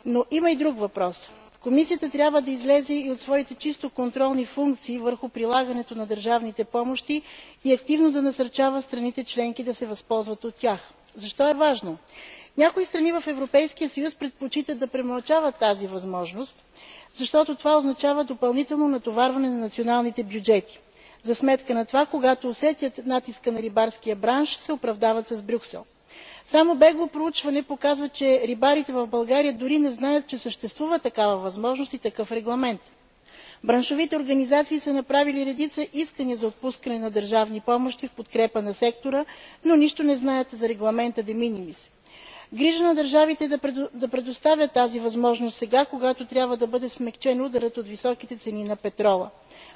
[SPEAKER 4] но има и друг въпрос. комисията трябва да излезе и от своите чисто контролни функции върху прилагането на държавните помощи и активно да насърчава страните членки да се възползват от тях. защо е важно? някои страни в европейския съюз предпочитат да премълчават тази възможност защото това означава допълнително натоварване на националните бюджети. за сметка на това когато усетят натиска на рибарския бранш се оправдават с брюксел. Само бегло проучване показва, че рибарите в България дори не знаят, че съществува такава възможност и такъв регламент. Браншовите организации са направили редица искания за отпускане на държавни помощи в подкрепа на сектора, но нищо не знаят за регламента de minimis. Грижа на държавите е да предоставят тази възможност сега, когато трябва да бъде смекчен ударът от високите цени на петрола,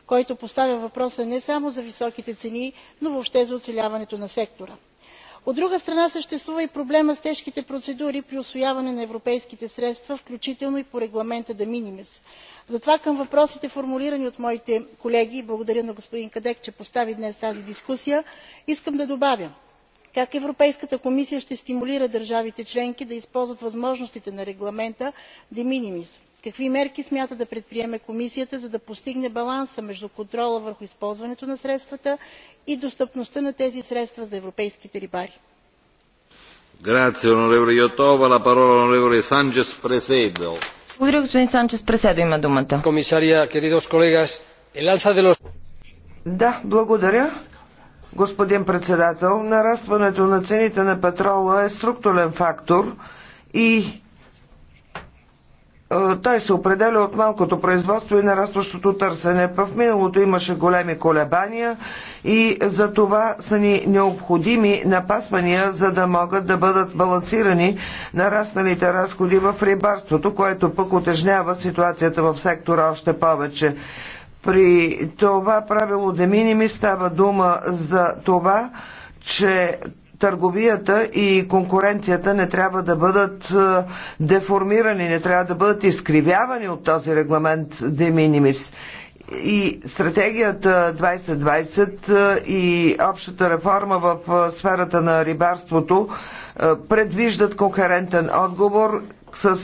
[SPEAKER 4] който поставя въпроса не само за високите цени, но въобще за оцеляването на сектора от друга страна съществува и проблемът с тежките процедури при усвояване на европейските средства включително и по регламента de minimis. затова към въпросите формулирани от моите колеги и благодаря на господин Кадек, че постави днес тази дискусия искам да добавя как европейската комисия ще стимулира държавите членки да използват възможностите на регламента de minimis? какви мерки смята да предприеме комисията за да постигне баланса между контрола върху използването на средствата и достъпността на тези средства за европейските рибари?
[SPEAKER 1] Благодаря, господин
[SPEAKER 2] Санчес Преседо има думата. Комисария, queridos colegas, el alza de los...
[SPEAKER 3] Да, благодаря. Господин председател, нарастването на цените на петрола е структурен фактор и е, той се определя от малкото производство и нарастващото търсене. В миналото имаше големи колебания и за това са ни необходими напасвания, за да могат да бъдат балансирани нарасналите разходи в рибарството, което пък отежнява ситуацията в сектора още повече. При това правило де става дума за това, че търговията и конкуренцията не трябва да бъдат е, деформирани, не трябва да бъдат изкривявани от този регламент de minimis и стратегията 2020 е, и общата реформа в е, сферата на рибарството предвиждат конкурентен отговор с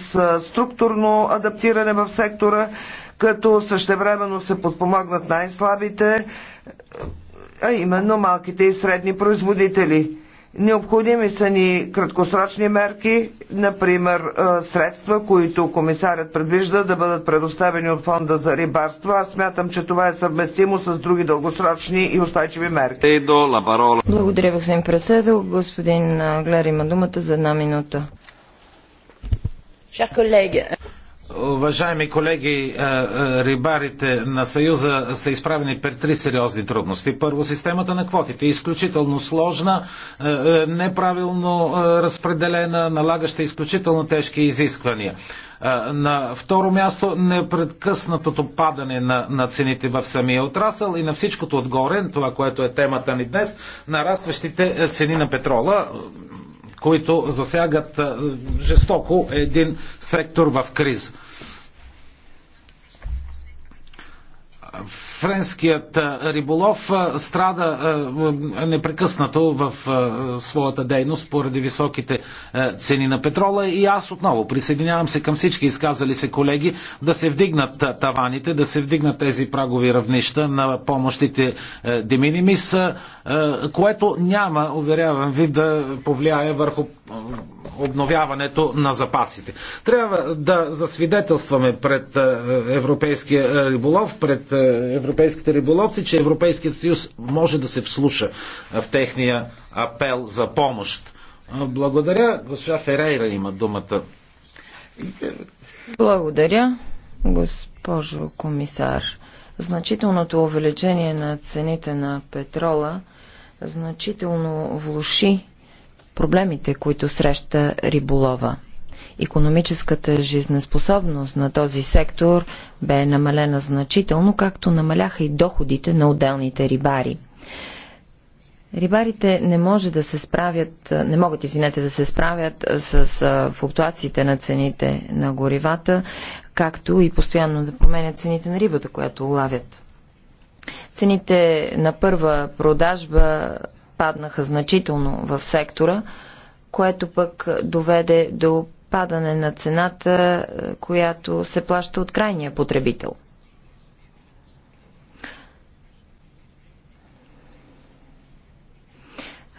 [SPEAKER 3] структурно адаптиране в сектора, като същевременно се подпомогнат най-слабите, а именно малките и средни производители. Необходими са ни краткосрочни мерки, например е, средства, които комисарят предвижда да бъдат предоставени от фонда за рибарство. Аз смятам, че това е съвместимо с други дългосрочни и устойчиви мерки.
[SPEAKER 2] Благодаря, господин председател. Господин Глер има думата за една минута.
[SPEAKER 1] Уважаеми колеги, е, е, рибарите на Съюза са изправени пред три сериозни трудности. Първо, системата на квотите е изключително сложна, е, неправилно разпределена, налагаща изключително тежки изисквания. На второ място, непрекъснатото падане на, на цените в самия отрасъл и на всичкото отгоре, това, което е темата ни днес, нарастващите цени на петрола, които засягат жестоко един сектор в криза. френският риболов страда непрекъснато в своята дейност поради високите цени на петрола и аз отново присъединявам се към всички изказали се колеги да се вдигнат таваните, да се вдигнат тези прагови равнища на помощите Деминимис, е, което няма, уверявам ви, да повлияе върху е, обновяването на запасите. Трябва да засвидетелстваме пред е, европейския риболов, пред европейските риболовци, че Европейският съюз може да се вслуша в техния апел за помощ. Благодаря. Госпожа Ферейра има думата.
[SPEAKER 2] Благодаря, госпожо комисар. Значителното увеличение на цените на петрола – значително влуши проблемите, които среща риболова. Економическата жизнеспособност на този сектор бе намалена значително, както намаляха и доходите на отделните рибари. Рибарите не може да се справят, не могат, извинете, да се справят с флуктуациите на цените на горивата, както и постоянно да променят цените на рибата, която лавят. Цените на първа продажба паднаха значително в сектора, което пък доведе до падане на цената, която се плаща от крайния потребител.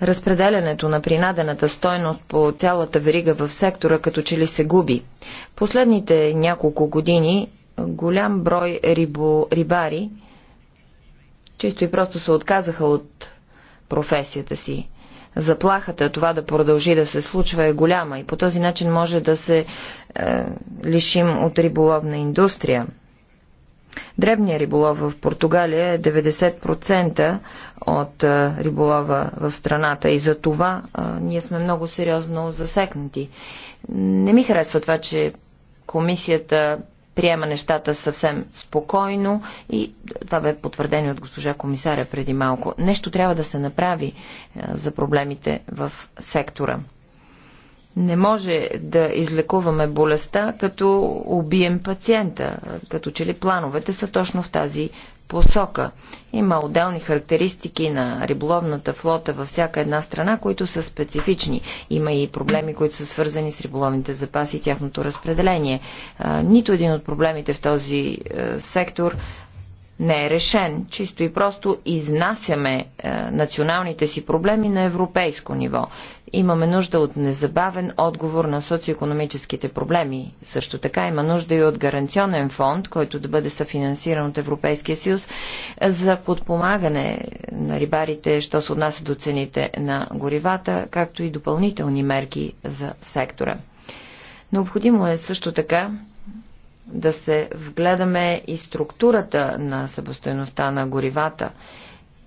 [SPEAKER 2] Разпределянето на принадената стойност по цялата верига в сектора като че ли се губи. Последните няколко години голям брой рибо, рибари – Чисто и просто се отказаха от професията си. Заплахата това да продължи да се случва е голяма и по този начин може да се е, лишим от риболовна индустрия. Дребния риболов в Португалия е 90% от е, риболова в страната и за това а, е, ние сме много сериозно засекнати. Не ми харесва това, че комисията приема нещата съвсем спокойно и това бе потвърдено от госпожа комисаря преди малко. Нещо трябва да се направи е, за проблемите в сектора. Не може да излекуваме болестта, като убием пациента, като че ли плановете са точно в тази посока. Има отделни характеристики на риболовната флота във всяка една страна, които са специфични. Има и проблеми, които са свързани с риболовните запаси и тяхното разпределение. Нито един от проблемите в този е, сектор не е решен. Чисто и просто изнасяме е, националните си проблеми на европейско ниво. Имаме нужда от незабавен отговор на социоекономическите проблеми. Също така има нужда и от гаранционен фонд, който да бъде съфинансиран от Европейския съюз за подпомагане на рибарите, що се отнася до цените на горивата, както и допълнителни мерки за сектора. Необходимо е също така да се вгледаме и структурата на събостойността на горивата –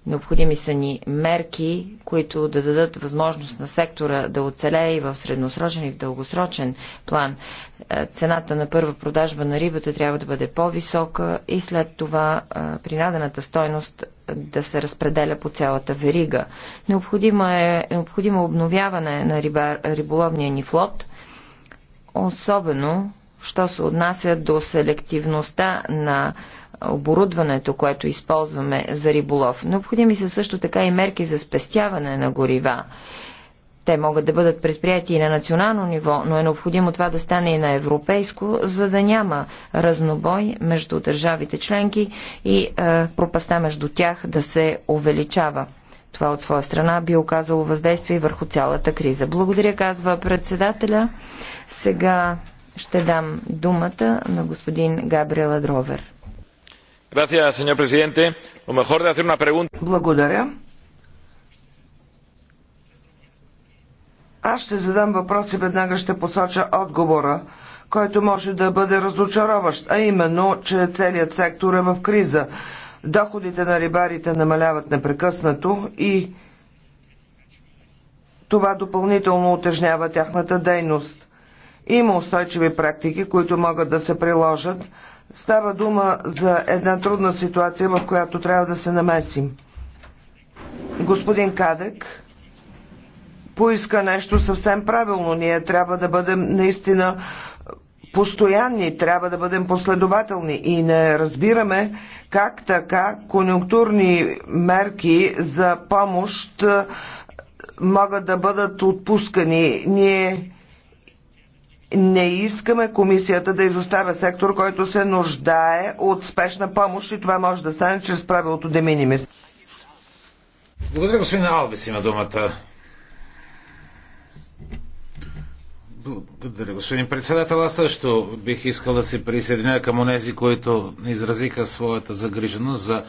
[SPEAKER 2] Необходими са ни мерки, които да дадат възможност на сектора да оцелее и в средносрочен и в дългосрочен план. Е, цената на първа продажба на рибата трябва да бъде по-висока и след това е, принадената стойност да се разпределя по цялата верига. Необходимо е необходимо обновяване на риба, риболовния ни флот, особено що се отнася до селективността на оборудването, което използваме за риболов. Необходими са също така и мерки за спестяване на горива. Те могат да бъдат предприяти и на национално ниво, но е необходимо това да стане и на европейско, за да няма разнобой между държавите членки и е, пропаста между тях да се увеличава. Това от своя страна би оказало въздействие върху цялата криза. Благодаря, казва председателя. Сега ще дам думата на господин Габриела Дровер
[SPEAKER 3] señor presidente lo mejor de hacer una pregunta. Благодаря. Аз ще задам въпрос и веднага ще посоча отговора, който може да бъде разочароващ, а именно, че целият сектор е в криза. Доходите на рибарите намаляват непрекъснато и това допълнително утежнява тяхната дейност. Има устойчиви практики, които могат да се приложат, Става дума за една трудна ситуация, в която трябва да се намесим. Господин Кадек поиска нещо съвсем правилно. Ние трябва да бъдем наистина постоянни, трябва да бъдем последователни и не разбираме как така конюнктурни мерки за помощ могат да бъдат отпускани. Ние не искаме комисията да изоставя сектор, който се нуждае от спешна помощ и това може да стане чрез правилото де минимис.
[SPEAKER 1] Благодаря, господин Албис има думата. Благодаря, господин председател. Аз също бих искал да се присъединя към онези, които изразиха своята загриженост за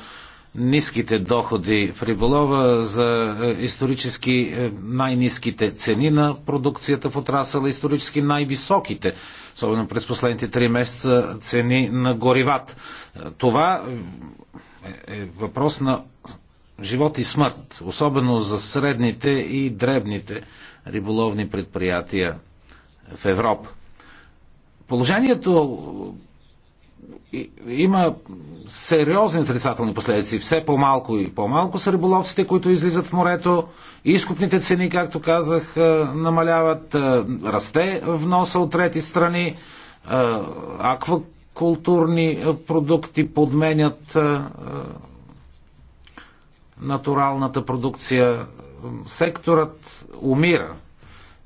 [SPEAKER 1] ниските доходи в риболова, за е, исторически е, най-ниските цени на продукцията в отрасъла, исторически най-високите, особено през последните три месеца, цени на гориват. Е, това е въпрос на живот и смърт, особено за средните и дребните риболовни предприятия в Европа. Положението има сериозни отрицателни последици. Все по-малко и по-малко са риболовците, които излизат в морето. Изкупните цени, както казах, е, намаляват. Е, расте вноса от трети страни. Е, аквакултурни продукти подменят натуралната продукция. Секторът умира.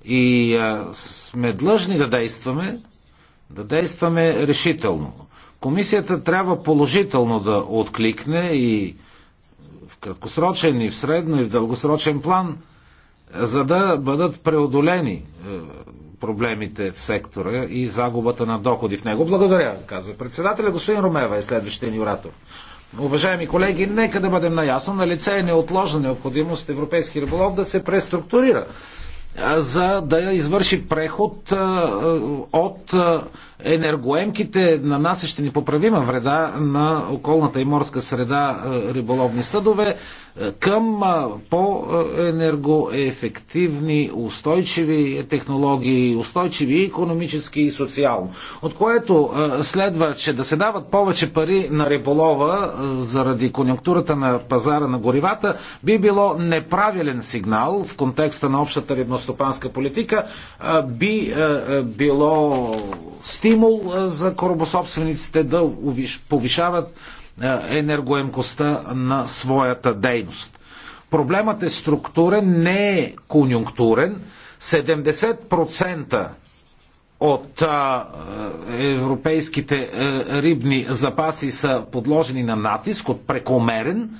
[SPEAKER 1] И сме длъжни да действаме, да действаме решително Комисията трябва положително да откликне и в краткосрочен, и в средно, и в дългосрочен план, за да бъдат преодолени е, проблемите в сектора и загубата на доходи в него. Благодаря, казва председателя. Господин Ромева е следващия ни оратор. Уважаеми колеги, нека да бъдем наясно. На лице е неотложна необходимост европейски риболов да се преструктурира за да извърши преход от енергоемките, нанасящи непоправима вреда на околната и морска среда риболовни съдове, към по-енергоефективни, устойчиви технологии, устойчиви и економически и социално. От което следва, че да се дават повече пари на риболова заради конъюнктурата на пазара на горивата, би било неправилен сигнал в контекста на общата ревност стопанска политика би било стимул за корабособствениците да повишават енергоемкостта на своята дейност. Проблемът е структурен, не е конюнктурен. 70% от а, европейските а, рибни запаси са подложени на натиск от прекомерен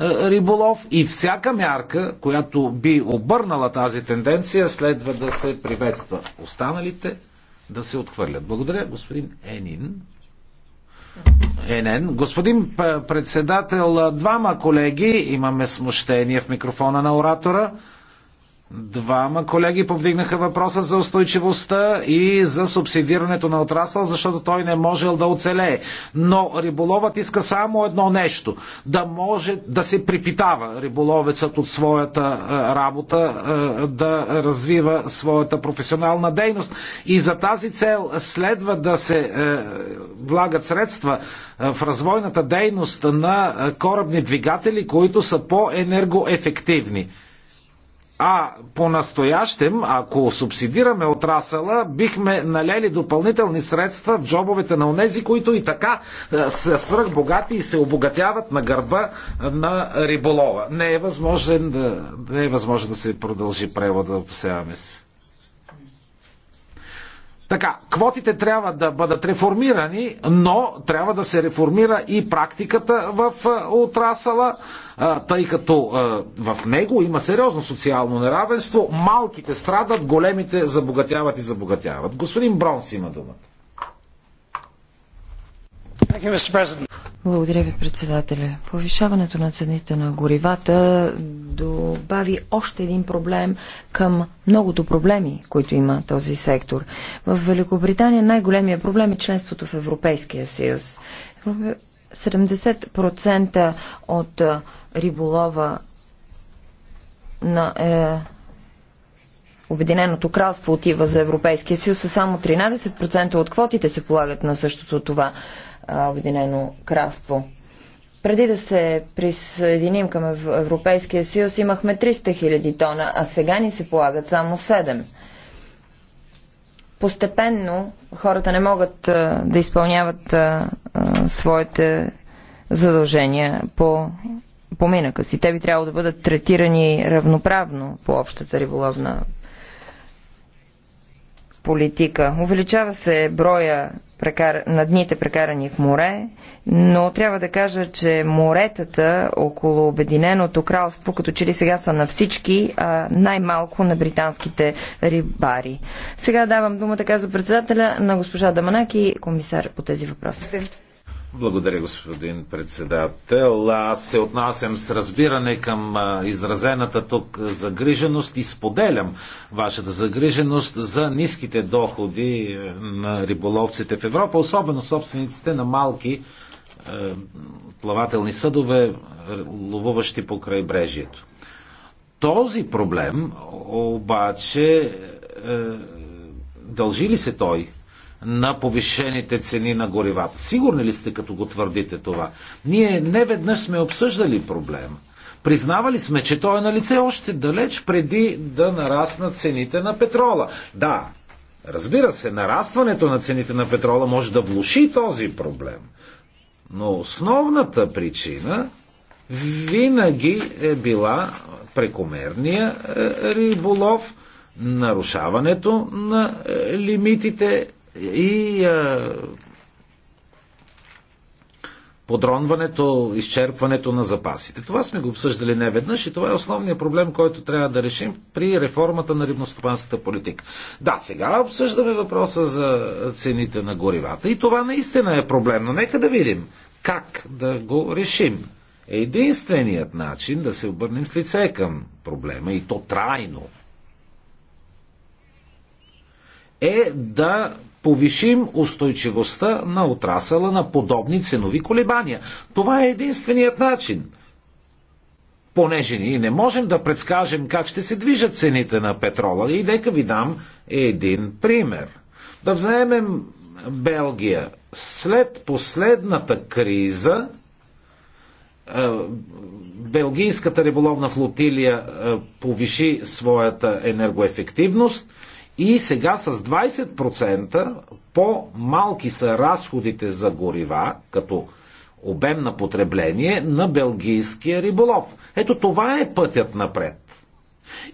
[SPEAKER 1] е, риболов и всяка мярка, която би обърнала тази тенденция, следва да се приветства. Останалите да се отхвърлят. Благодаря, господин Енин. Енен. Господин председател, двама колеги, имаме смущение в микрофона на оратора. Двама колеги повдигнаха въпроса за устойчивостта и за субсидирането на отрасъл, защото той не можел да оцелее. Но риболовът иска само едно нещо да може да се припитава риболовецът от своята е, работа, е, да развива своята професионална дейност. И за тази цел следва да се е, влагат средства в развойната дейност на корабни двигатели, които са по-енергоефективни. А по-настоящем, ако субсидираме отрасъла, бихме налели допълнителни средства в джобовете на онези, които и така е, са свръхбогати и се обогатяват на гърба на риболова. Не е възможно, да, не е възможно да се продължи превода, опасяваме се. Така, квотите трябва да бъдат реформирани, но трябва да се реформира и практиката в е, отрасала, е, тъй като е, в него има сериозно социално неравенство. Малките страдат, големите забогатяват и забогатяват. Господин Бронс има думата.
[SPEAKER 2] Благодаря ви, председателя. Повишаването на цените на горивата добави още един проблем към многото проблеми, които има този сектор. В Великобритания най-големия проблем е членството в Европейския съюз. 70% от риболова на е, Обединеното кралство отива за Европейския съюз, а само 13% от квотите се полагат на същото това Обединено кралство. Преди да се присъединим към Европейския съюз имахме 300 000 тона, а сега ни се полагат само 7. Постепенно хората не могат да изпълняват своите задължения по поминъка си. Те би трябвало да бъдат третирани равноправно по общата риболовна политика. Увеличава се броя прекар... на дните прекарани в море, но трябва да кажа, че моретата около Обединеното кралство, като че ли сега са на всички, а най-малко на британските рибари. Сега давам думата, казва председателя на госпожа Даманаки, комисар по тези въпроси.
[SPEAKER 1] Благодаря, господин председател. Аз се отнасям с разбиране към изразената тук загриженост и споделям вашата загриженост за ниските доходи е, на риболовците в Европа, особено собствениците на малки е, плавателни съдове, е, ловуващи по крайбрежието. Този проблем обаче дължи ли се той на повишените цени на горивата. Сигурни ли сте, като го твърдите това? Ние не веднъж сме обсъждали проблема. Признавали сме, че той е на лице още далеч преди да нараснат цените на петрола. Да, разбира се, нарастването на цените на петрола може да влуши този проблем. Но основната причина винаги е била прекомерния е, риболов, нарушаването на е, лимитите и подронването, изчерпването на запасите. Това сме го обсъждали не веднъж и това е основният проблем, който трябва да решим при реформата на рибностопанската политика. Да, сега обсъждаме въпроса за цените на горивата и това наистина е проблем, но нека да видим как да го решим. Единственият начин да се обърнем с лице към проблема и то трайно е да повишим устойчивостта на отрасъла на подобни ценови колебания. Това е единственият начин. Понеже ние не можем да предскажем как ще се движат цените на петрола. И нека ви дам един пример. Да вземем Белгия. След последната криза, е, Белгийската риболовна флотилия е, повиши своята енергоефективност и сега с 20% по-малки са разходите за горива, като обем на потребление на белгийския риболов. Ето това е пътят напред.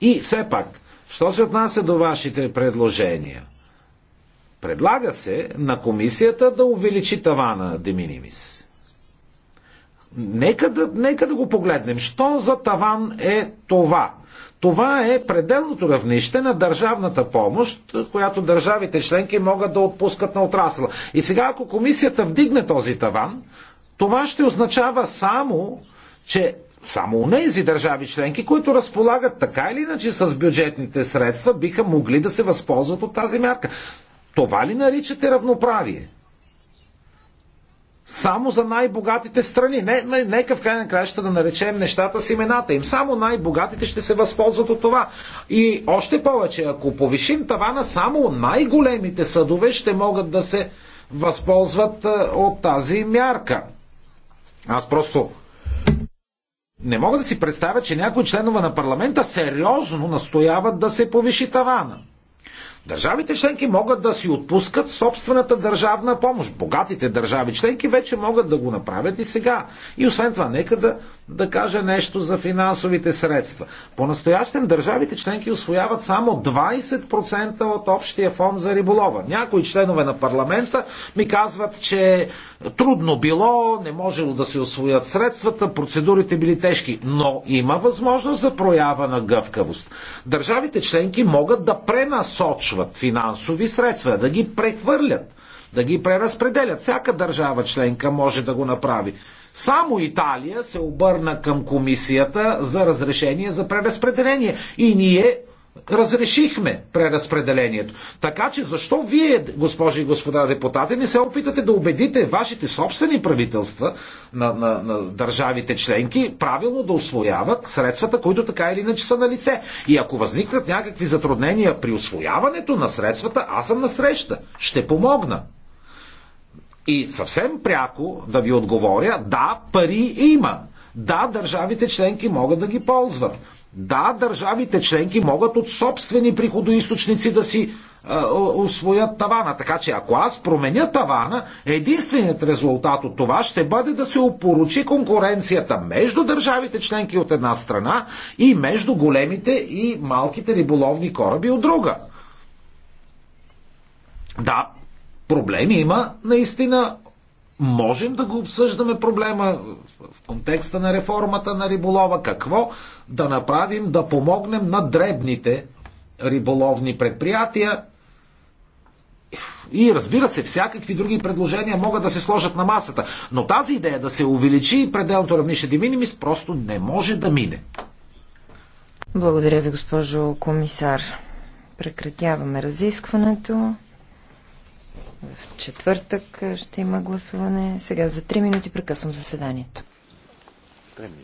[SPEAKER 1] И все пак, що се отнася до вашите предложения? Предлага се на комисията да увеличи тавана Деминимис. Нека да, нека да го погледнем. Що за таван е това? Това е пределното равнище на държавната помощ, която държавите членки могат да отпускат на отрасъла. И сега, ако комисията вдигне този таван, това ще означава само, че само у нези държави членки, които разполагат така или иначе с бюджетните средства, биха могли да се възползват от тази мярка. Това ли наричате равноправие? Само за най-богатите страни. Не, не, нека в крайна краща да наречем нещата с имената им. Само най-богатите ще се възползват от това. И още повече, ако повишим тавана, само най-големите съдове ще могат да се възползват е, от тази мярка. Аз просто не мога да си представя, че някои членове на парламента сериозно настояват да се повиши тавана. Държавите членки могат да си отпускат собствената държавна помощ. Богатите държави членки вече могат да го направят и сега. И освен това, нека да да кажа нещо за финансовите средства. По-настоящем държавите членки освояват само 20% от общия фонд за риболова. Някои членове на парламента ми казват, че трудно било, не можело да се освоят средствата, процедурите били тежки, но има възможност за проява на гъвкавост. Държавите членки могат да пренасочват финансови средства, да ги прехвърлят, да ги преразпределят. Всяка държава членка може да го направи. Само Италия се обърна към комисията за разрешение за преразпределение. И ние разрешихме преразпределението. Така че защо вие, госпожи и господа депутати, не се опитате да убедите вашите собствени правителства на, на, на държавите членки правилно да освояват средствата, които така или иначе са на лице? И ако възникнат някакви затруднения при освояването на средствата, аз съм насреща. Ще помогна. И съвсем пряко да ви отговоря, да, пари има. Да, държавите членки могат да ги ползват. Да, държавите членки могат от собствени приходоисточници да си освоят тавана. Така че ако аз променя тавана, единственият резултат от това ще бъде да се опоручи конкуренцията между държавите членки от една страна и между големите и малките риболовни кораби от друга. Да, Проблеми има наистина. Можем да го обсъждаме проблема в контекста на реформата на риболова. Какво да направим да помогнем на дребните риболовни предприятия, и разбира се, всякакви други предложения могат да се сложат на масата. Но тази идея да се увеличи пределното равнище диминимис просто не може да мине.
[SPEAKER 2] Благодаря ви, госпожо комисар. Прекратяваме разискването. В четвъртък ще има гласуване. Сега за 3 минути прекъсвам заседанието.
[SPEAKER 1] 3 минути.